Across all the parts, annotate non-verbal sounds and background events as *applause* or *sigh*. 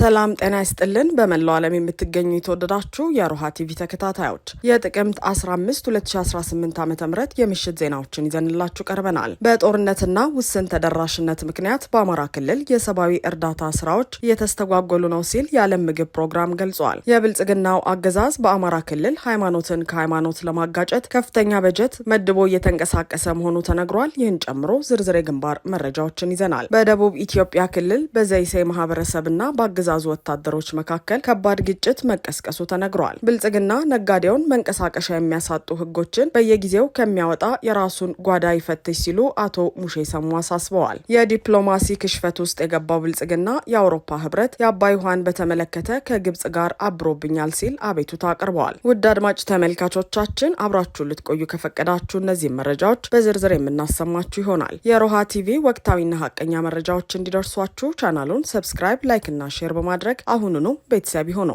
ሰላም ጤና ይስጥልን። በመላው ዓለም የምትገኙ የተወደዳችሁ የሮሃ ቲቪ ተከታታዮች የጥቅምት 15 2018 ዓ ም የምሽት ዜናዎችን ይዘንላችሁ ቀርበናል። በጦርነትና ውስን ተደራሽነት ምክንያት በአማራ ክልል የሰብአዊ እርዳታ ስራዎች እየተስተጓጎሉ ነው ሲል የዓለም ምግብ ፕሮግራም ገልጿል። የብልጽግናው አገዛዝ በአማራ ክልል ሃይማኖትን ከሃይማኖት ለማጋጨት ከፍተኛ በጀት መድቦ እየተንቀሳቀሰ መሆኑ ተነግሯል። ይህን ጨምሮ ዝርዝር የግንባር መረጃዎችን ይዘናል። በደቡብ ኢትዮጵያ ክልል በዘይሴ ማህበረሰብና በአገ አገዛዙ ወታደሮች መካከል ከባድ ግጭት መቀስቀሱ ተነግሯል። ብልጽግና ነጋዴውን መንቀሳቀሻ የሚያሳጡ ህጎችን በየጊዜው ከሚያወጣ የራሱን ጓዳ ይፈትሽ ሲሉ አቶ ሙሼ ሰሙ አሳስበዋል። የዲፕሎማሲ ክሽፈት ውስጥ የገባው ብልጽግና የአውሮፓ ህብረት የአባይ ውሃን በተመለከተ ከግብጽ ጋር አብሮብኛል ሲል አቤቱታ አቅርበዋል። ውድ አድማጭ ተመልካቾቻችን አብራችሁ ልትቆዩ ከፈቀዳችሁ እነዚህ መረጃዎች በዝርዝር የምናሰማችሁ ይሆናል። የሮሃ ቲቪ ወቅታዊና ሀቀኛ መረጃዎች እንዲደርሷችሁ ቻናሉን ሰብስክራይብ፣ ላይክ እና ሼር በማድረግ አሁኑኑ ቤተሰብ ይሁኑ።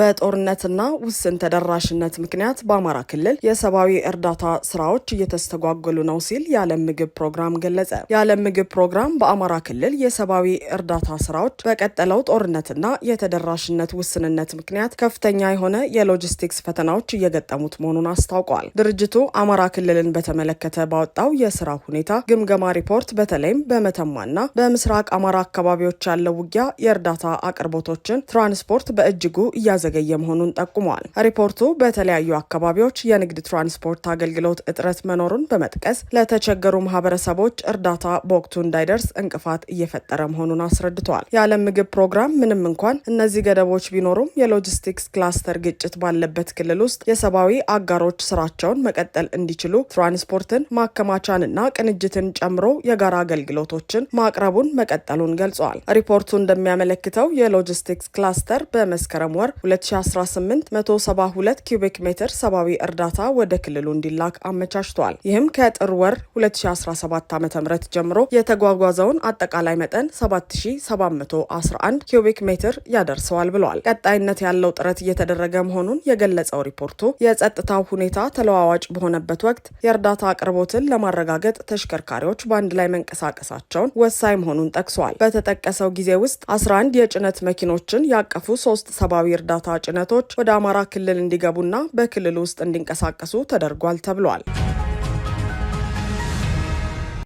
በጦርነትና ውስን ተደራሽነት ምክንያት በአማራ ክልል የሰብአዊ እርዳታ ስራዎች እየተስተጓጎሉ ነው ሲል የዓለም ምግብ ፕሮግራም ገለጸ። የዓለም ምግብ ፕሮግራም በአማራ ክልል የሰብአዊ እርዳታ ስራዎች በቀጠለው ጦርነትና የተደራሽነት ውስንነት ምክንያት ከፍተኛ የሆነ የሎጂስቲክስ ፈተናዎች እየገጠሙት መሆኑን አስታውቋል። ድርጅቱ አማራ ክልልን በተመለከተ ባወጣው የስራ ሁኔታ ግምገማ ሪፖርት በተለይም በመተማና በምስራቅ አማራ አካባቢዎች ያለው ውጊያ የእርዳታ አቅርቦቶችን ትራንስፖርት በእጅጉ እያ ያዘገየ መሆኑን ጠቁመዋል። ሪፖርቱ በተለያዩ አካባቢዎች የንግድ ትራንስፖርት አገልግሎት እጥረት መኖሩን በመጥቀስ ለተቸገሩ ማህበረሰቦች እርዳታ በወቅቱ እንዳይደርስ እንቅፋት እየፈጠረ መሆኑን አስረድተዋል። የዓለም ምግብ ፕሮግራም ምንም እንኳን እነዚህ ገደቦች ቢኖሩም የሎጂስቲክስ ክላስተር ግጭት ባለበት ክልል ውስጥ የሰብአዊ አጋሮች ስራቸውን መቀጠል እንዲችሉ ትራንስፖርትን፣ ማከማቻንና ቅንጅትን ጨምሮ የጋራ አገልግሎቶችን ማቅረቡን መቀጠሉን ገልጸዋል። ሪፖርቱ እንደሚያመለክተው የሎጂስቲክስ ክላስተር በመስከረም ወር 2018 172 ኪዩቢክ ሜትር ሰብአዊ እርዳታ ወደ ክልሉ እንዲላክ አመቻችቷል። ይህም ከጥር ወር 2017 ዓ ም ጀምሮ የተጓጓዘውን አጠቃላይ መጠን 7711 ኪዩቢክ ሜትር ያደርሰዋል ብለዋል። ቀጣይነት ያለው ጥረት እየተደረገ መሆኑን የገለጸው ሪፖርቱ የጸጥታው ሁኔታ ተለዋዋጭ በሆነበት ወቅት የእርዳታ አቅርቦትን ለማረጋገጥ ተሽከርካሪዎች በአንድ ላይ መንቀሳቀሳቸውን ወሳኝ መሆኑን ጠቅሷል። በተጠቀሰው ጊዜ ውስጥ 11 የጭነት መኪኖችን ያቀፉ ሶስት ሰብአዊ እርዳታ የእርዳታ ጭነቶች ወደ አማራ ክልል እንዲገቡና በክልል ውስጥ እንዲንቀሳቀሱ ተደርጓል ተብሏል።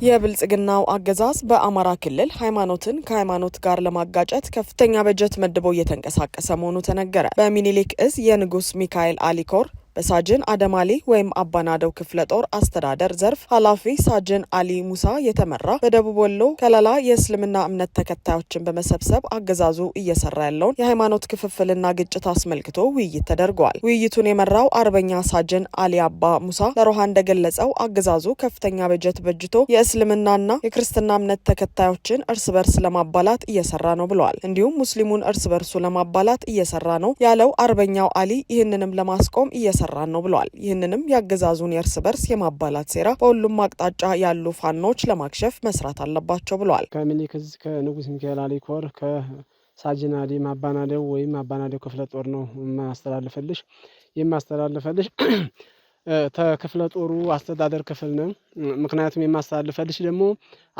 የብልጽግናው አገዛዝ በአማራ ክልል ሃይማኖትን ከሃይማኖት ጋር ለማጋጨት ከፍተኛ በጀት መድቦ እየተንቀሳቀሰ መሆኑ ተነገረ። በሚኒሊክ እዝ የንጉስ ሚካኤል አሊኮር በሳጅን አደማሊ ወይም አባናደው ክፍለ ጦር አስተዳደር ዘርፍ ኃላፊ ሳጅን አሊ ሙሳ የተመራ በደቡብ ወሎ ከለላ የእስልምና እምነት ተከታዮችን በመሰብሰብ አገዛዙ እየሰራ ያለውን የሃይማኖት ክፍፍልና ግጭት አስመልክቶ ውይይት ተደርጓል። ውይይቱን የመራው አርበኛ ሳጅን አሊ አባ ሙሳ ለሮሃ እንደገለጸው አገዛዙ ከፍተኛ በጀት በጅቶ የእስልምናና የክርስትና እምነት ተከታዮችን እርስ በርስ ለማባላት እየሰራ ነው ብለዋል። እንዲሁም ሙስሊሙን እርስ በርሱ ለማባላት እየሰራ ነው ያለው አርበኛው አሊ ይህንንም ለማስቆም እየሰ እየሰራን ነው ብለዋል። ይህንንም የአገዛዙን የእርስ በርስ የማባላት ሴራ በሁሉም አቅጣጫ ያሉ ፋኖች ለማክሸፍ መስራት አለባቸው ብለዋል። ከሚኒክዝ ከንጉስ ሚካኤል አሊኮር ከሳጅናዴ ማባናዴው ወይም አባናዴው ክፍለ ጦር ነው የማስተላልፈልሽ የማስተላልፈልሽ *clears throat* ተክፍለ ጦሩ አስተዳደር ክፍል ነው። ምክንያቱም የማስተላልፈልሽ ደግሞ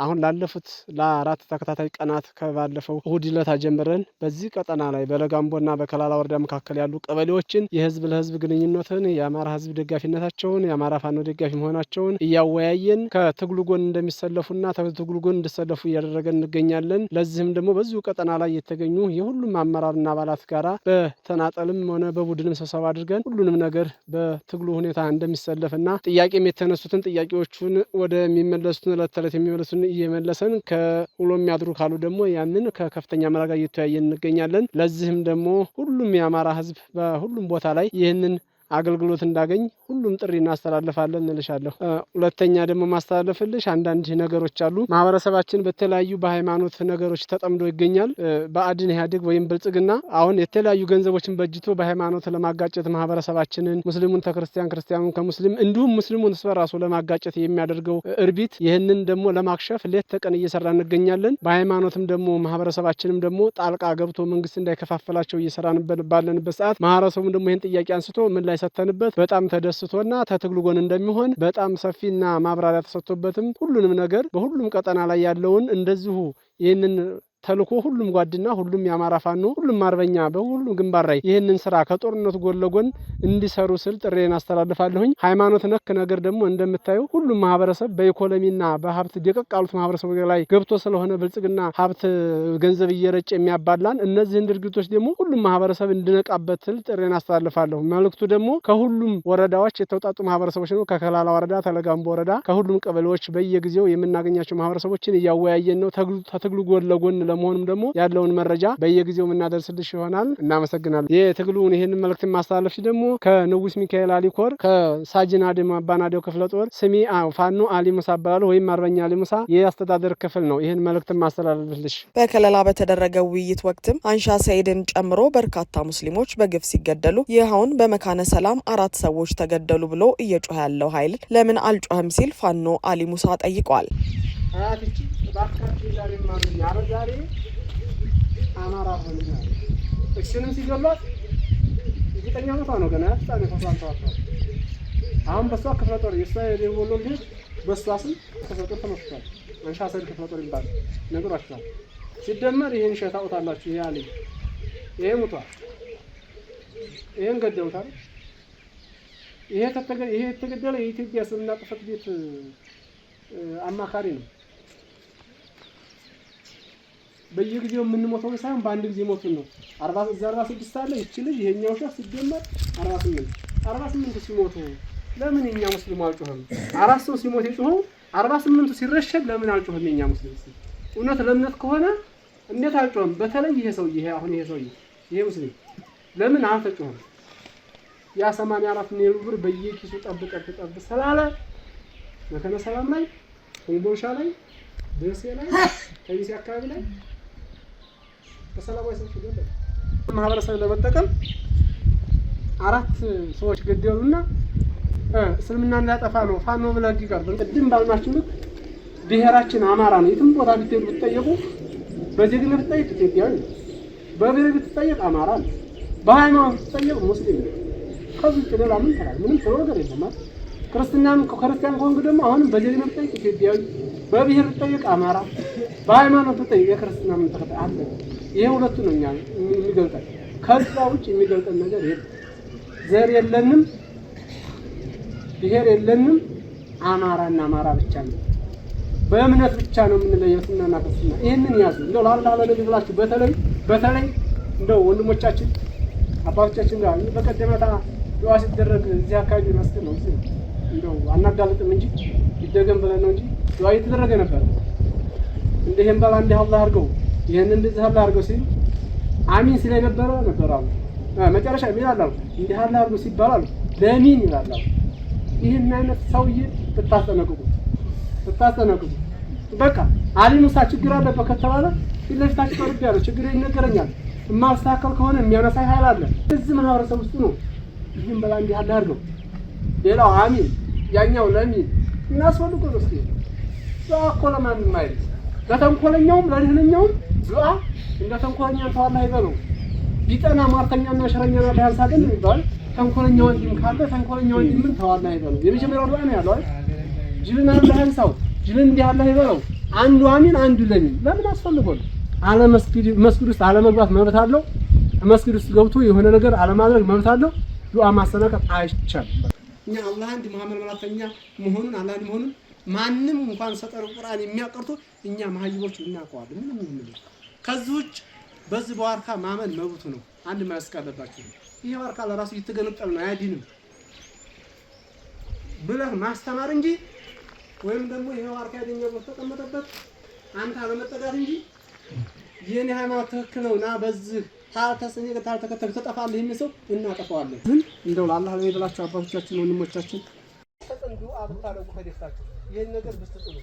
አሁን ላለፉት ለአራት ተከታታይ ቀናት ከባለፈው እሁድ ዕለት ጀምረን በዚህ ቀጠና ላይ በለጋምቦና በከላላ ወረዳ መካከል ያሉ ቀበሌዎችን የህዝብ ለህዝብ ግንኙነትን የአማራ ህዝብ ደጋፊነታቸውን የአማራ ፋኖ ደጋፊ መሆናቸውን እያወያየን ከትግሉ ጎን እንደሚሰለፉና ከትግሉ ጎን እንዲሰለፉ እያደረገን እንገኛለን። ለዚህም ደግሞ በዚሁ ቀጠና ላይ የተገኙ የሁሉም አመራርና አባላት ጋራ በተናጠልም ሆነ በቡድንም ስብሰባ አድርገን ሁሉንም ነገር በትግሉ ሁኔታ እንደሚሰለፍና ጥያቄም የተነሱትን ጥያቄዎቹን ወደሚመለሱትን እለት ተዕለት የሚመለሱትን እየመለሰን ከውሎ የሚያድሩ ካሉ ደግሞ ያንን ከከፍተኛ መራጋ እየተወያየን እንገኛለን። ለዚህም ደግሞ ሁሉም የአማራ ህዝብ በሁሉም ቦታ ላይ ይህንን አገልግሎት እንዳገኝ ሁሉም ጥሪ እናስተላልፋለን እንልሻለሁ። ሁለተኛ ደግሞ ማስተላለፍልሽ አንዳንድ ነገሮች አሉ። ማህበረሰባችን በተለያዩ በሃይማኖት ነገሮች ተጠምዶ ይገኛል። በአድን ኢህአዴግ ወይም ብልጽግና አሁን የተለያዩ ገንዘቦችን በእጅቶ በሃይማኖት ለማጋጨት ማህበረሰባችንን ሙስሊሙን ተክርስቲያን፣ ክርስቲያኑን ከሙስሊም እንዲሁም ሙስሊሙን ስበ ራሱ ለማጋጨት የሚያደርገው እርቢት ይህንን ደግሞ ለማክሸፍ ሌት ተቀን እየሰራ እንገኛለን። በሃይማኖትም ደግሞ ማህበረሰባችንም ደግሞ ጣልቃ ገብቶ መንግስት እንዳይከፋፈላቸው እየሰራ ባለንበት ሰዓት ማህበረሰቡም ደግሞ ይህን ጥያቄ አንስቶ ምን ላይ ሰተንበት በጣም ተደስቶና ተትግሉ ጎን እንደሚሆን በጣም ሰፊና ማብራሪያ ተሰጥቶበትም ሁሉንም ነገር በሁሉም ቀጠና ላይ ያለውን እንደዚሁ ይህንን ተልኮ ሁሉም ጓድና ሁሉም የአማራ ፋኖ ሁሉም አርበኛ በሁሉም ግንባር ላይ ይህንን ስራ ከጦርነቱ ጎን ለጎን እንዲሰሩ ስል ጥሬን አስተላልፋለሁኝ። ሃይማኖት ነክ ነገር ደግሞ እንደምታዩ ሁሉም ማህበረሰብ በኢኮኖሚና በሀብት ደቀቅ ያሉት ማህበረሰቡ ላይ ገብቶ ስለሆነ ብልጽግና ሀብት ገንዘብ እየረጭ የሚያባላን እነዚህን ድርጊቶች ደግሞ ሁሉም ማህበረሰብ እንድነቃበት ስል ጥሬን አስተላልፋለሁ። መልእክቱ ደግሞ ከሁሉም ወረዳዎች የተውጣጡ ማህበረሰቦች ነው። ከከላላ ወረዳ፣ ተለጋምቦ ወረዳ፣ ከሁሉም ቀበሌዎች በየጊዜው የምናገኛቸው ማህበረሰቦችን እያወያየን ነው። ከትግሉ ጎን ለጎን ስለመሆኑም ደግሞ ያለውን መረጃ በየጊዜው የምናደርስልሽ ይሆናል። እናመሰግናለን። የትግሉን ይህንን መልእክት ማስተላለፍሽ ደግሞ ከንጉስ ሚካኤል አሊኮር ከሳጅን አድማ ባናዴው ክፍለ ጦር ስሜ ፋኖ አሊ ሙሳ ወይም አርበኛ አሊ ሙሳ የአስተዳደር ክፍል ነው። ይህን መልክት ማስተላለፍልሽ። በከለላ በተደረገ ውይይት ወቅትም አንሻ ሰይድን ጨምሮ በርካታ ሙስሊሞች በግፍ ሲገደሉ ይኸውን በመካነ ሰላም አራት ሰዎች ተገደሉ ብሎ እየጮኸ ያለው ኃይል ለምን አልጮህም ሲል ፋኖ አሊ ሙሳ ጠይቋል። አያትቺ እባካችሁ ዛሬ ማግኛ አረ ዛሬ አማራ ሆንናል። እሱንም ሲገሏት እርግጠኛ ሞቷ ነው ገና ፍጻሜ ፈሷን አሁን በእሷ ክፍለ ጦር የእሷ የወሎ ልጅ በእሷ ስም ክፍለ ጦር ተመስርቷል። አንሻሰል ክፍለ ጦር ይባል ነግሯችኋል። ሲደመር ይህን ሸት አውጣላችሁ። ይሄ አልኝ ይሄ ሙቷል። ይሄን ገደውታል። ይሄ የተገደለ የኢትዮጵያ ስምና ጥፈት ቤት አማካሪ ነው። በየጊዜው የምንሞተው ሳይሆን በአንድ ጊዜ ሞቱን ነው። እዛ አርባ ስድስት አለ ይች ልጅ ይሄኛው ሻ ሲደመር አርባ ስምንት አርባ ስምንቱ ሲሞቱ ለምን የኛ ሙስሊሙ አልጮህም? አራት ሰው ሲሞት የጮኸው አርባ ስምንቱ ሲረሸብ ለምን አልጮህም? የኛ ሙስሊም እውነት ለእምነት ከሆነ እንዴት አልጮህም? በተለይ ይሄ ሰው ይሄ አሁን ይሄ ሰው ይሄ ሙስሊም ለምን አልተጮህም? ያ ሰማንያ አራት ሚሊዮን ብር በየኪሱ ጠብቀ ጠብ ጠብ ስላለ መከነ ሰላም ላይ ኮምቦልቻ ላይ ደሴ ላይ ከሚሴ አካባቢ ላይ በሰላማዊ ሰልፍ ገደለ። ማህበረሰብ ለመጠቀም አራት ሰዎች ገደሉና እስልምና እንዳያጠፋ ነው ፋኖ ብለህ ጋር ቅድም ባልማችን ልክ ብሔራችን አማራ ነው። የትም ቦታ ብትሄዱ ብትጠየቁ፣ በዜግነት ብትጠየቅ ኢትዮጵያዊ ነው። በብሔር ብትጠየቅ አማራ ነው። በሃይማኖት ብትጠየቅ ሙስሊም ነው። ከዚህ ውጭ ሌላ ምን ትላለህ? ምንም ጥሩ ነገር የለም። ክርስትናም ክርስቲያን ከሆንክ ደግሞ አሁንም በዜግነት ብትጠየቅ ኢትዮጵያዊ፣ በብሔር ብትጠየቅ አማራ፣ በሃይማኖት ብትጠየቅ የክርስትና ምን ተከታይ አለ? ይሄ ሁለቱ ነው እኛ የሚገልጠን። ከዛ ውጭ የሚገልጠን ነገር የለም። ዘር የለንም፣ ብሔር የለንም። አማራና አማራ ብቻ ነው። በእምነት ብቻ ነው የምንለየው። ስናና ክርስትና ይህንን ያዙ። እንደው ላላ ለነግ ብላችሁ በተለይ በተለይ እንደው ወንድሞቻችን አባቶቻችን ጋር በቀደመታ ዱዓ ሲደረግ እዚህ አካባቢ መስገድ ነው እንደው አናጋልጥም እንጂ ይደገም ብለን ነው እንጂ ዱዓ እየተደረገ ነበር። እንደህም በላ እንዲህ አላህ አድርገው ይህን እንደዚህ ያለ አድርገው ሲል አሚን ሲለኝ ነበር ነበረ አሉ። መጨረሻ ምን አላሉ? እንዲህ ያለ አድርገው ሲባል አሉ ለሚን ይላል አሉ። ይህን አይነት ሰውዬ ብታስጠነቅቁ ብታስጠነቅቁ በቃ አሊም ሳ ችግር አለበት ከተባለ ፊት ለፊታችሁ ቀርብ ያለው ችግር ይነገረኛል። የማስተካከል ከሆነ የሚያነሳይ ኃይል አለ። እዚህ ማህበረሰብ ውስጥ ነው። ይህም በላ እንዲህ አለ አድርገው ሌላው አሚን ያኛው ለሚን እናስፈልጎ ነው። እስኪ በአኮ ለማንም አይደል ለተንኮለኛውም ለድህነኛውም እንደ ተንኮለኛ ተዋላ አይበሉ ቢጠና ሟርተኛና ሽረኛና ቢያንሳ ግን የሚባል ተንኮለኛ ወንድም ካለ ተንኮለኛ ወንድምን ተዋላ አይበሉ። የመጀመሪያው ዱዓ ነው ያለው ጅልን እንዲህ አለ አይበለው። አንዱ አሚን አንዱ ለሚን ለምን አስፈልጎል? አለ መስጊድ መስጊድ ውስጥ አለመግባት መብት አለው። መስጊድ ውስጥ ገብቶ የሆነ ነገር አለማድረግ መብት አለው። ዱዓ ማሰናቀጥ አይቻልም። እኛ አላህ አንድ መሐመድ መላክተኛ መሆኑን አላህ መሆኑን ማንም እንኳን ሰጠር ቁርአን የሚያቀርቱ እኛ መሀይቦች እናውቀዋለን። ምንም ከዚህ ውጭ በዚህ በዋርካ ማመን መብቱ ነው። አንድ ማያስቅ አለባቸው። ይሄ ዋርካ ለራሱ እየተገነጠለ ነው አያድንም ብለህ ማስተማር እንጂ ወይም ደግሞ ይሄ ዋርካ ያደኛ ተቀመጠበት አንተ አለመጠጋት እንጂ የኔ ሃይማኖት ትክክል ነው ና በዚህ ታልተሰኘ ታልተከተል ተጠፋለህ። ይህን ሰው እናጠፋዋለን። ግን እንደው ለአላህ ለኔ ብላችሁ አባቶቻችን ወንድሞቻችን ተጠንዱ አብታለቁ ከደፍታችሁ ይህን ነገር ብስትጥሉ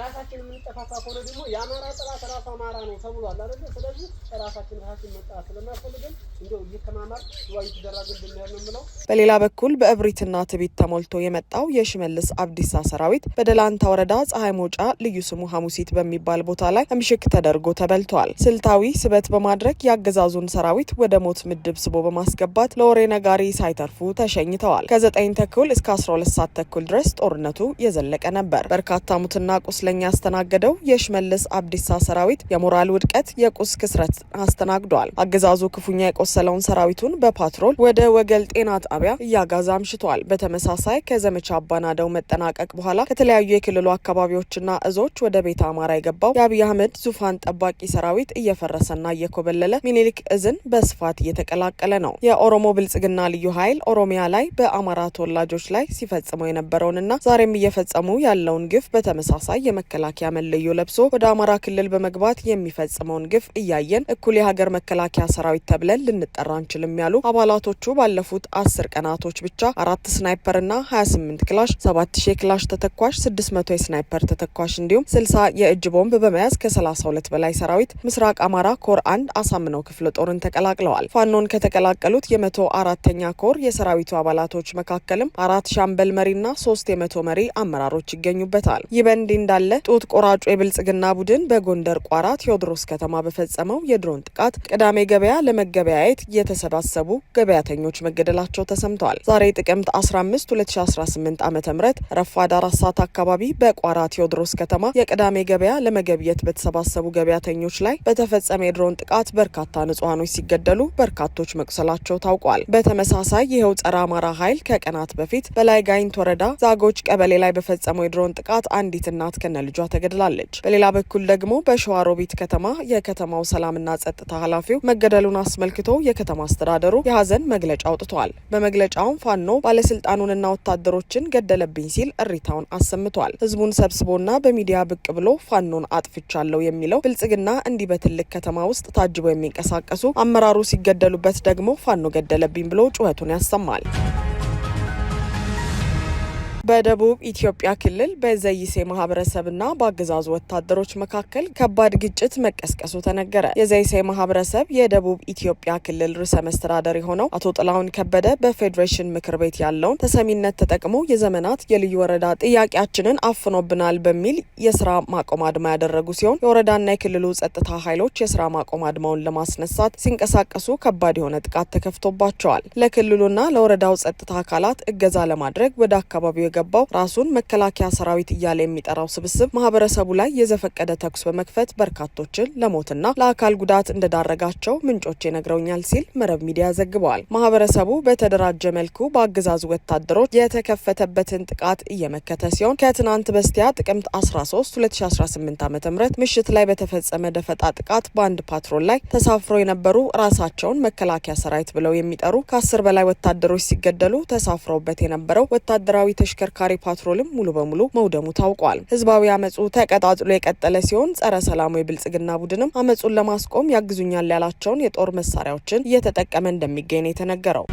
ራሳችን የምንጠፋፋ ከሆነ ደግሞ የአማራ ጥላት ራሱ አማራ ነው ተብሏል አይደለ? ስለዚህ ራሳችን ራሳችን መጣ ስለማያስፈልግም እንደው እየተማማር ዋ ይደረግ እንደሚያል ነው የምለው። በሌላ በኩል በእብሪትና ትቢት ተሞልቶ የመጣው የሽመልስ አብዲሳ ሰራዊት በደላንታ ወረዳ ፀሐይ መውጫ ልዩ ስሙ ሐሙሲት በሚባል ቦታ ላይ እምሽክ ተደርጎ ተበልቷል። ስልታዊ ስበት በማድረግ የአገዛዙን ሰራዊት ወደ ሞት ምድብ ስቦ በማስገባት ለወሬ ነጋሪ ሳይተርፉ ተሸኝተዋል። ከዘጠኝ ተኩል እስከ አስራ ሁለት ሰዓት ተኩል ድረስ ጦርነቱ የዘለቀ ነበር። በርካታ ሙትና ቁስ ቁስለኛ ያስተናገደው የሽመልስ አብዲሳ ሰራዊት የሞራል ውድቀት፣ የቁስ ክስረት አስተናግዷል። አገዛዙ ክፉኛ የቆሰለውን ሰራዊቱን በፓትሮል ወደ ወገል ጤና ጣቢያ እያጋዛ አምሽቷል። በተመሳሳይ ከዘመቻ አባናደው መጠናቀቅ በኋላ ከተለያዩ የክልሉ አካባቢዎችና እዞች ወደ ቤተ አማራ የገባው የአብይ አህመድ ዙፋን ጠባቂ ሰራዊት እየፈረሰና እየኮበለለ ሚኒሊክ እዝን በስፋት እየተቀላቀለ ነው። የኦሮሞ ብልጽግና ልዩ ኃይል ኦሮሚያ ላይ በአማራ ተወላጆች ላይ ሲፈጽመው የነበረውንና ዛሬም እየፈጸሙ ያለውን ግፍ በተመሳሳይ የመከላከያ መለዮ ለብሶ ወደ አማራ ክልል በመግባት የሚፈጽመውን ግፍ እያየን እኩል የሀገር መከላከያ ሰራዊት ተብለን ልንጠራ አንችልም ያሉ አባላቶቹ ባለፉት አስር ቀናቶች ብቻ አራት ስናይፐር እና ሀያ ስምንት ክላሽ ሰባት ሺ ክላሽ ተተኳሽ ስድስት መቶ የስናይፐር ተተኳሽ እንዲሁም ስልሳ የእጅ ቦምብ በመያዝ ከሰላሳ ሁለት በላይ ሰራዊት ምስራቅ አማራ ኮር አንድ አሳምነው ክፍለ ጦርን ተቀላቅለዋል። ፋኖን ከተቀላቀሉት የመቶ አራተኛ ኮር የሰራዊቱ አባላቶች መካከልም አራት ሻምበል መሪና ሶስት የመቶ መሪ አመራሮች ይገኙበታል። ይህ በእንዲህ እንዳለ ጡት ቆራጩ የብልጽግና ቡድን በጎንደር ቋራ ቴዎድሮስ ከተማ በፈጸመው የድሮን ጥቃት ቅዳሜ ገበያ ለመገበያየት የተሰባሰቡ ገበያተኞች መገደላቸው ተሰምተዋል። ዛሬ ጥቅምት 15 2018 ዓ ም ረፋድ አራት ሰዓት አካባቢ በቋራ ቴዎድሮስ ከተማ የቅዳሜ ገበያ ለመገብየት በተሰባሰቡ ገበያተኞች ላይ በተፈጸመ የድሮን ጥቃት በርካታ ንጹሐኖች ሲገደሉ በርካቶች መቁሰላቸው ታውቋል። በተመሳሳይ ይኸው ጸረ አማራ ኃይል ከቀናት በፊት በላይ ጋይንት ወረዳ ዛጎች ቀበሌ ላይ በፈጸመው የድሮን ጥቃት አንዲት እናት ከነ ልጇ ተገድላለች። በሌላ በኩል ደግሞ በሸዋሮቢት ከተማ የከተማው ሰላምና ጸጥታ ኃላፊው መገደሉን አስመልክቶ የከተማ አስተዳደሩ የሀዘን መግለጫ አውጥቷል። በመግለጫውም ፋኖ ባለስልጣኑንና ወታደሮችን ገደለብኝ ሲል እሪታውን አሰምቷል። ህዝቡን ሰብስቦና በሚዲያ ብቅ ብሎ ፋኖን አጥፍቻለሁ የሚለው ብልጽግና እንዲህ በትልቅ ከተማ ውስጥ ታጅቦ የሚንቀሳቀሱ አመራሩ ሲገደሉበት ደግሞ ፋኖ ገደለብኝ ብሎ ጩኸቱን ያሰማል። በደቡብ ኢትዮጵያ ክልል በዘይሴ ማህበረሰብና በአገዛዙ ወታደሮች መካከል ከባድ ግጭት መቀስቀሱ ተነገረ። የዘይሴ ማህበረሰብ የደቡብ ኢትዮጵያ ክልል ርዕሰ መስተዳደር የሆነው አቶ ጥላሁን ከበደ በፌዴሬሽን ምክር ቤት ያለውን ተሰሚነት ተጠቅሞ የዘመናት የልዩ ወረዳ ጥያቄያችንን አፍኖብናል በሚል የስራ ማቆም አድማ ያደረጉ ሲሆን የወረዳና የክልሉ ጸጥታ ኃይሎች የስራ ማቆም አድማውን ለማስነሳት ሲንቀሳቀሱ ከባድ የሆነ ጥቃት ተከፍቶባቸዋል። ለክልሉና ለወረዳው ጸጥታ አካላት እገዛ ለማድረግ ወደ አካባቢው የሚገባው ራሱን መከላከያ ሰራዊት እያለ የሚጠራው ስብስብ ማህበረሰቡ ላይ የዘፈቀደ ተኩስ በመክፈት በርካቶችን ለሞትና ለአካል ጉዳት እንደዳረጋቸው ምንጮች ነግረውኛል ሲል መረብ ሚዲያ ዘግበዋል። ማህበረሰቡ በተደራጀ መልኩ በአገዛዙ ወታደሮች የተከፈተበትን ጥቃት እየመከተ ሲሆን ከትናንት በስቲያ ጥቅምት 13 2018 ዓ ም ምሽት ላይ በተፈጸመ ደፈጣ ጥቃት በአንድ ፓትሮል ላይ ተሳፍሮ የነበሩ ራሳቸውን መከላከያ ሰራዊት ብለው የሚጠሩ ከአስር በላይ ወታደሮች ሲገደሉ ተሳፍረውበት የነበረው ወታደራዊ ተሽከርካሪ ተሽከርካሪ ፓትሮልም ሙሉ በሙሉ መውደሙ ታውቋል። ህዝባዊ አመፁ ተቀጣጥሎ የቀጠለ ሲሆን ጸረ ሰላሙ የብልጽግና ቡድንም አመፁን ለማስቆም ያግዙኛል ያላቸውን የጦር መሳሪያዎችን እየተጠቀመ እንደሚገኝ የተነገረው።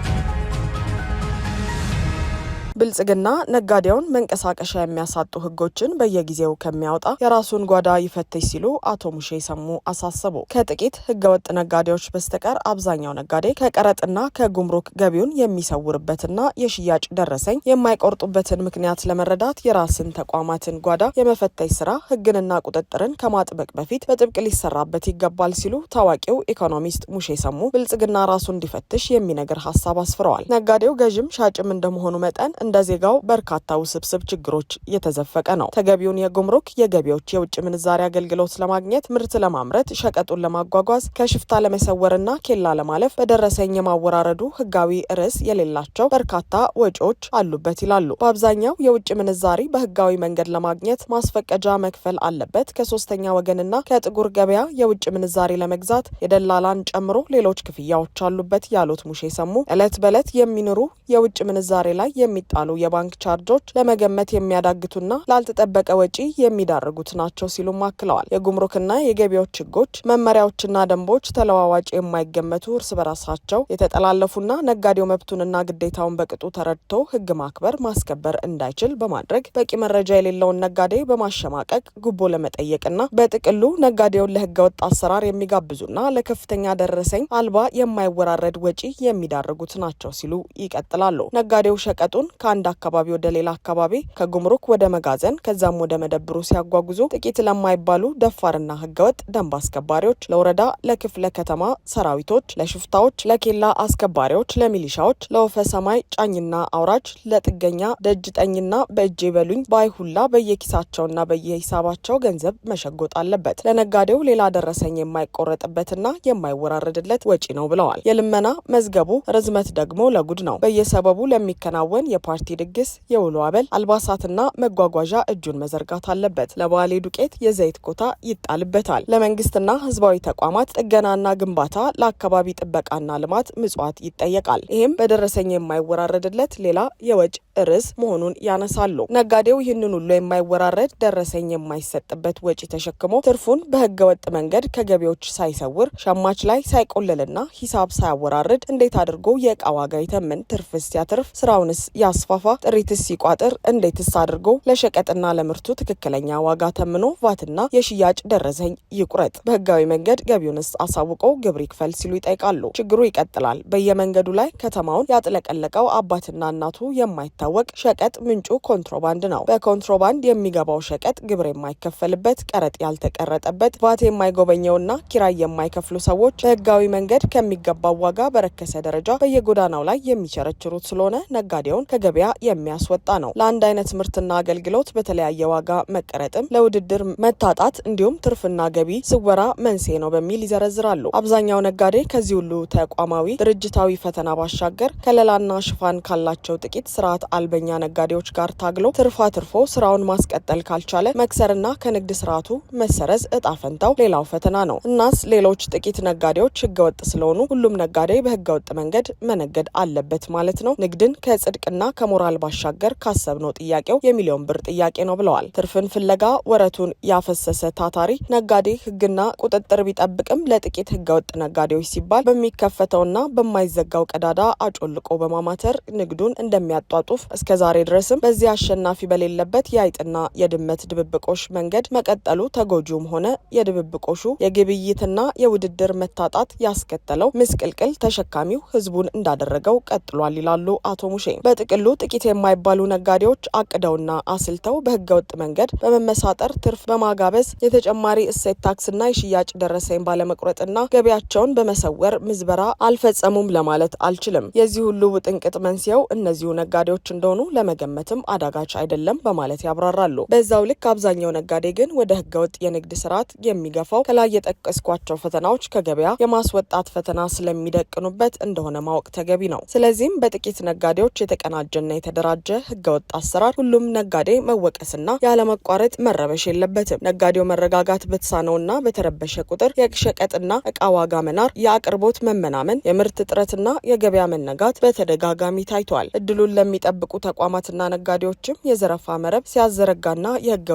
ብልጽግና ነጋዴውን መንቀሳቀሻ የሚያሳጡ ህጎችን በየጊዜው ከሚያወጣ የራሱን ጓዳ ይፈትሽ ሲሉ አቶ ሙሼ ሰሙ አሳሰቡ። ከጥቂት ህገወጥ ነጋዴዎች በስተቀር አብዛኛው ነጋዴ ከቀረጥና ከጉምሩክ ገቢውን የሚሰውርበትና የሽያጭ ደረሰኝ የማይቆርጡበትን ምክንያት ለመረዳት የራስን ተቋማትን ጓዳ የመፈተሽ ስራ ህግንና ቁጥጥርን ከማጥበቅ በፊት በጥብቅ ሊሰራበት ይገባል ሲሉ ታዋቂው ኢኮኖሚስት ሙሼ ሰሙ ብልጽግና ራሱ እንዲፈትሽ የሚነግር ሀሳብ አስፍረዋል። ነጋዴው ገዥም ሻጭም እንደመሆኑ መጠን እንደ ዜጋው በርካታ ውስብስብ ችግሮች የተዘፈቀ ነው። ተገቢውን የጉምሩክ የገቢዎች፣ የውጭ ምንዛሪ አገልግሎት ለማግኘት፣ ምርት ለማምረት፣ ሸቀጡን ለማጓጓዝ፣ ከሽፍታ ለመሰወርና ኬላ ለማለፍ በደረሰኝ የማወራረዱ ህጋዊ ርዕስ የሌላቸው በርካታ ወጪዎች አሉበት ይላሉ። በአብዛኛው የውጭ ምንዛሪ በህጋዊ መንገድ ለማግኘት ማስፈቀጃ መክፈል አለበት። ከሶስተኛ ወገንና ከጥቁር ገበያ የውጭ ምንዛሪ ለመግዛት የደላላን ጨምሮ ሌሎች ክፍያዎች አሉበት ያሉት ሙሼ ሰሙ እለት በዕለት የሚኖሩ የውጭ ምንዛሬ ላይ የሚጣ የተጣሉ የባንክ ቻርጆች ለመገመት የሚያዳግቱና ላልተጠበቀ ወጪ የሚዳርጉት ናቸው ሲሉም አክለዋል። የጉምሩክና የገቢዎች ሕጎች መመሪያዎችና ደንቦች ተለዋዋጭ የማይገመቱ እርስ በራሳቸው የተጠላለፉና ነጋዴው መብቱንና ግዴታውን በቅጡ ተረድቶ ህግ ማክበር ማስከበር እንዳይችል በማድረግ በቂ መረጃ የሌለውን ነጋዴ በማሸማቀቅ ጉቦ ለመጠየቅና በጥቅሉ ነጋዴውን ለህገወጥ አሰራር የሚጋብዙና ለከፍተኛ ደረሰኝ አልባ የማይወራረድ ወጪ የሚዳርጉት ናቸው ሲሉ ይቀጥላሉ። ነጋዴው ሸቀጡን ከአንድ አካባቢ ወደ ሌላ አካባቢ ከጉምሩክ ወደ መጋዘን ከዛም ወደ መደብሩ ሲያጓጉዙ ጥቂት ለማይባሉ ደፋርና ህገወጥ ደንብ አስከባሪዎች፣ ለወረዳ ለክፍለ ከተማ ሰራዊቶች፣ ለሽፍታዎች፣ ለኬላ አስከባሪዎች፣ ለሚሊሻዎች፣ ለወፈ ሰማይ ጫኝና አውራጅ፣ ለጥገኛ ደጅጠኝና በእጄ በሉኝ ባይሁላ በየኪሳቸውና በየሂሳባቸው ገንዘብ መሸጎጥ አለበት። ለነጋዴው ሌላ ደረሰኝ የማይቆረጥበትና የማይወራረድለት ወጪ ነው ብለዋል። የልመና መዝገቡ ርዝመት ደግሞ ለጉድ ነው። በየሰበቡ ለሚከናወን የፓ ፓርቲ ድግስ የውሎ አበል አልባሳትና መጓጓዣ እጁን መዘርጋት አለበት። ለባሌ ዱቄት የዘይት ኮታ ይጣልበታል። ለመንግስትና ህዝባዊ ተቋማት ጥገናና ግንባታ፣ ለአካባቢ ጥበቃና ልማት ምጽዋት ይጠየቃል። ይህም በደረሰኝ የማይወራረድለት ሌላ የወጭ ርዕስ መሆኑን ያነሳሉ። ነጋዴው ይህንን ሁሉ የማይወራረድ ደረሰኝ የማይሰጥበት ወጪ ተሸክሞ ትርፉን በህገወጥ መንገድ ከገቢዎች ሳይሰውር ሸማች ላይ ሳይቆለልና ሂሳብ ሳያወራርድ እንዴት አድርጎ የእቃ ዋጋ ይተምን? ትርፍስ ሲያትርፍ፣ ስራውንስ ያስፋፋ፣ ጥሪትስ ሲቋጥር እንዴትስ አድርጎ ለሸቀጥና ለምርቱ ትክክለኛ ዋጋ ተምኖ ቫትና የሽያጭ ደረሰኝ ይቁረጥ? በህጋዊ መንገድ ገቢውንስ አሳውቆ ግብር ይክፈል ሲሉ ይጠይቃሉ። ችግሩ ይቀጥላል። በየመንገዱ ላይ ከተማውን ያጥለቀለቀው አባትና እናቱ የማይታ የሚታወቅ ሸቀጥ ምንጩ ኮንትሮባንድ ነው። በኮንትሮባንድ የሚገባው ሸቀጥ ግብር የማይከፈልበት፣ ቀረጥ ያልተቀረጠበት፣ ቫት የማይጎበኘውና ኪራይ የማይከፍሉ ሰዎች በህጋዊ መንገድ ከሚገባው ዋጋ በረከሰ ደረጃ በየጎዳናው ላይ የሚቸረችሩት ስለሆነ ነጋዴውን ከገበያ የሚያስወጣ ነው። ለአንድ አይነት ምርትና አገልግሎት በተለያየ ዋጋ መቀረጥም ለውድድር መታጣት እንዲሁም ትርፍና ገቢ ስወራ መንስኤ ነው በሚል ይዘረዝራሉ። አብዛኛው ነጋዴ ከዚህ ሁሉ ተቋማዊ ድርጅታዊ ፈተና ባሻገር ከለላና ሽፋን ካላቸው ጥቂት ስርዓት አልበኛ ነጋዴዎች ጋር ታግሎ ትርፋ ትርፎ ስራውን ማስቀጠል ካልቻለ መክሰርና ከንግድ ስርዓቱ መሰረዝ እጣ ፈንታው ሌላው ፈተና ነው። እናስ ሌሎች ጥቂት ነጋዴዎች ህገወጥ ስለሆኑ ሁሉም ነጋዴ በህገወጥ መንገድ መነገድ አለበት ማለት ነው? ንግድን ከጽድቅና ከሞራል ባሻገር ካሰብነው ጥያቄው የሚሊዮን ብር ጥያቄ ነው ብለዋል። ትርፍን ፍለጋ ወረቱን ያፈሰሰ ታታሪ ነጋዴ ህግና ቁጥጥር ቢጠብቅም ለጥቂት ህገወጥ ነጋዴዎች ሲባል በሚከፈተውና በማይዘጋው ቀዳዳ አጮልቆ በማማተር ንግዱን እንደሚያጧጡፍ እስከ ዛሬ ድረስም በዚህ አሸናፊ በሌለበት የአይጥና የድመት ድብብቆሽ መንገድ መቀጠሉ ተጎጂውም ሆነ የድብብቆሹ የግብይትና የውድድር መታጣት ያስከተለው ምስቅልቅል ተሸካሚው ህዝቡን እንዳደረገው ቀጥሏል ይላሉ አቶ ሙሼ። በጥቅሉ ጥቂት የማይባሉ ነጋዴዎች አቅደውና አስልተው በህገወጥ መንገድ በመመሳጠር ትርፍ በማጋበዝ የተጨማሪ እሴት ታክስና የሽያጭ ደረሰኝ ባለመቁረጥና ገቢያቸውን በመሰወር ምዝበራ አልፈጸሙም ለማለት አልችልም። የዚህ ሁሉ ውጥንቅጥ መንስኤው እነዚሁ ነጋዴዎች ነጋዴዎች እንደሆኑ ለመገመትም አዳጋች አይደለም በማለት ያብራራሉ። በዛው ልክ አብዛኛው ነጋዴ ግን ወደ ህገወጥ የንግድ ስርዓት የሚገፋው ከላይ የጠቀስኳቸው ፈተናዎች ከገበያ የማስወጣት ፈተና ስለሚደቅኑበት እንደሆነ ማወቅ ተገቢ ነው። ስለዚህም በጥቂት ነጋዴዎች የተቀናጀና የተደራጀ ህገወጥ አሰራር ሁሉም ነጋዴ መወቀስና ያለመቋረጥ መረበሽ የለበትም። ነጋዴው መረጋጋት በተሳነውና በተረበሸ ቁጥር የሸቀጥና እቃ ዋጋ መናር፣ የአቅርቦት መመናመን፣ የምርት እጥረትና የገበያ መነጋት በተደጋጋሚ ታይቷል። እድሉን ለሚጠ የሚጠብቁ ተቋማትና ነጋዴዎችም የዘረፋ መረብ ሲያዘረጋና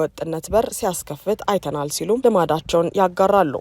ወጥነት በር ሲያስከፍት አይተናል ሲሉም ልማዳቸውን ያጋራሉ።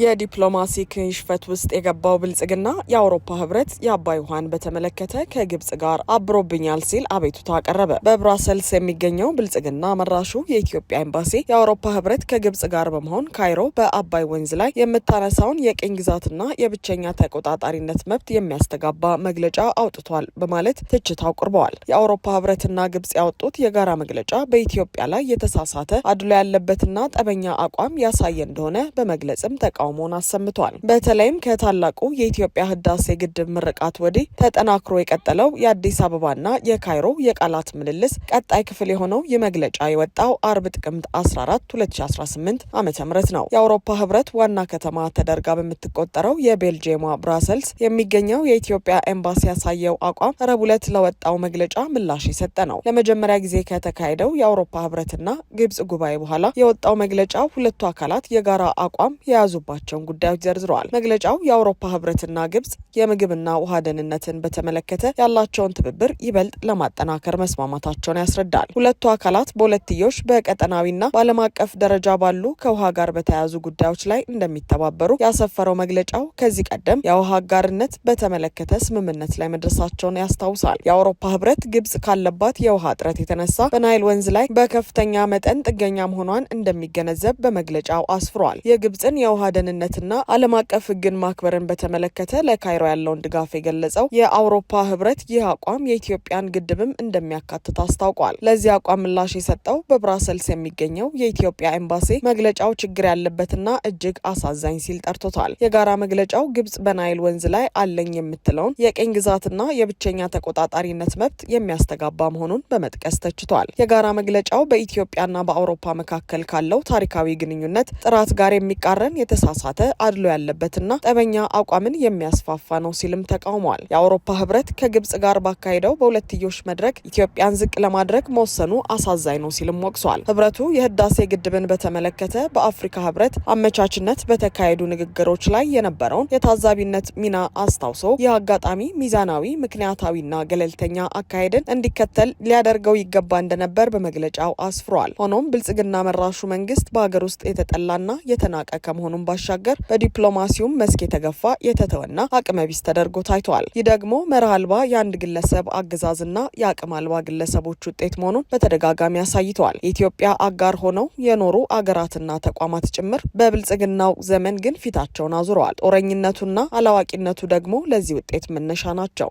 የዲፕሎማሲ ክንሽፈት ውስጥ የገባው ብልጽግና የአውሮፓ ህብረት የአባይ ውሃን በተመለከተ ከግብጽ ጋር አብሮብኛል ሲል አቤቱታ አቀረበ። በብራሰልስ የሚገኘው ብልጽግና መራሹ የኢትዮጵያ ኤምባሲ የአውሮፓ ህብረት ከግብጽ ጋር በመሆን ካይሮ በአባይ ወንዝ ላይ የምታነሳውን የቅኝ ግዛትና የብቸኛ ተቆጣጣሪነት መብት የሚያስተጋባ መግለጫ አውጥቷል በማለት ትችት አቅርበዋል። የአውሮፓ ህብረትና ግብጽ ያወጡት የጋራ መግለጫ በኢትዮጵያ ላይ የተሳሳተ አድሎ ያለበትና ጠበኛ አቋም ያሳየ እንደሆነ በመግለጽም ተቃ ተቃውሞውን አሰምቷል። በተለይም ከታላቁ የኢትዮጵያ ህዳሴ ግድብ ምርቃት ወዲህ ተጠናክሮ የቀጠለው የአዲስ አበባና የካይሮ የቃላት ምልልስ ቀጣይ ክፍል የሆነው ይህ መግለጫ የወጣው አርብ ጥቅምት 14 2018 ዓ ም ነው። የአውሮፓ ህብረት ዋና ከተማ ተደርጋ በምትቆጠረው የቤልጅየሟ ብራሰልስ የሚገኘው የኢትዮጵያ ኤምባሲ ያሳየው አቋም ረቡዕ ዕለት ለወጣው መግለጫ ምላሽ የሰጠ ነው። ለመጀመሪያ ጊዜ ከተካሄደው የአውሮፓ ህብረትና ግብጽ ጉባኤ በኋላ የወጣው መግለጫ ሁለቱ አካላት የጋራ አቋም የያዙባቸው ያሏቸውን ጉዳዮች ዘርዝረዋል። መግለጫው የአውሮፓ ህብረትና ግብጽ የምግብና ውሃ ደህንነትን በተመለከተ ያላቸውን ትብብር ይበልጥ ለማጠናከር መስማማታቸውን ያስረዳል። ሁለቱ አካላት በሁለትዮሽ በቀጠናዊና በዓለም አቀፍ ደረጃ ባሉ ከውሃ ጋር በተያያዙ ጉዳዮች ላይ እንደሚተባበሩ ያሰፈረው መግለጫው ከዚህ ቀደም የውሃ አጋርነት በተመለከተ ስምምነት ላይ መድረሳቸውን ያስታውሳል። የአውሮፓ ህብረት ግብጽ ካለባት የውሃ እጥረት የተነሳ በናይል ወንዝ ላይ በከፍተኛ መጠን ጥገኛ መሆኗን እንደሚገነዘብ በመግለጫው አስፍሯል። የግብጽን የውሃ ደ ደህንነትና ዓለም አቀፍ ሕግን ማክበርን በተመለከተ ለካይሮ ያለውን ድጋፍ የገለጸው የአውሮፓ ሕብረት ይህ አቋም የኢትዮጵያን ግድብም እንደሚያካትት አስታውቋል። ለዚህ አቋም ምላሽ የሰጠው በብራሰልስ የሚገኘው የኢትዮጵያ ኤምባሲ መግለጫው ችግር ያለበትና እጅግ አሳዛኝ ሲል ጠርቶታል። የጋራ መግለጫው ግብጽ በናይል ወንዝ ላይ አለኝ የምትለውን የቅኝ ግዛትና የብቸኛ ተቆጣጣሪነት መብት የሚያስተጋባ መሆኑን በመጥቀስ ተችቷል። የጋራ መግለጫው በኢትዮጵያና በአውሮፓ መካከል ካለው ታሪካዊ ግንኙነት ጥራት ጋር የሚቃረን የተሳ የተሳሳተ አድሎ ያለበትና ጠበኛ አቋምን የሚያስፋፋ ነው ሲልም ተቃውሟል። የአውሮፓ ህብረት ከግብጽ ጋር ባካሄደው በሁለትዮሽ መድረክ ኢትዮጵያን ዝቅ ለማድረግ መወሰኑ አሳዛኝ ነው ሲልም ወቅሷል። ህብረቱ የህዳሴ ግድብን በተመለከተ በአፍሪካ ህብረት አመቻችነት በተካሄዱ ንግግሮች ላይ የነበረውን የታዛቢነት ሚና አስታውሶ ይህ አጋጣሚ ሚዛናዊ፣ ምክንያታዊና ገለልተኛ አካሄድን እንዲከተል ሊያደርገው ይገባ እንደነበር በመግለጫው አስፍሯል። ሆኖም ብልጽግና መራሹ መንግስት በሀገር ውስጥ የተጠላና የተናቀ ከመሆኑም ባሻ ባሻገር በዲፕሎማሲውም መስክ የተገፋ የተተወና አቅመ ቢስ ተደርጎ ታይቷል። ይህ ደግሞ መርህ አልባ የአንድ ግለሰብ አገዛዝና የአቅም አልባ ግለሰቦች ውጤት መሆኑን በተደጋጋሚ አሳይተዋል። የኢትዮጵያ አጋር ሆነው የኖሩ አገራትና ተቋማት ጭምር በብልጽግናው ዘመን ግን ፊታቸውን አዙረዋል። ጦረኝነቱና አላዋቂነቱ ደግሞ ለዚህ ውጤት መነሻ ናቸው።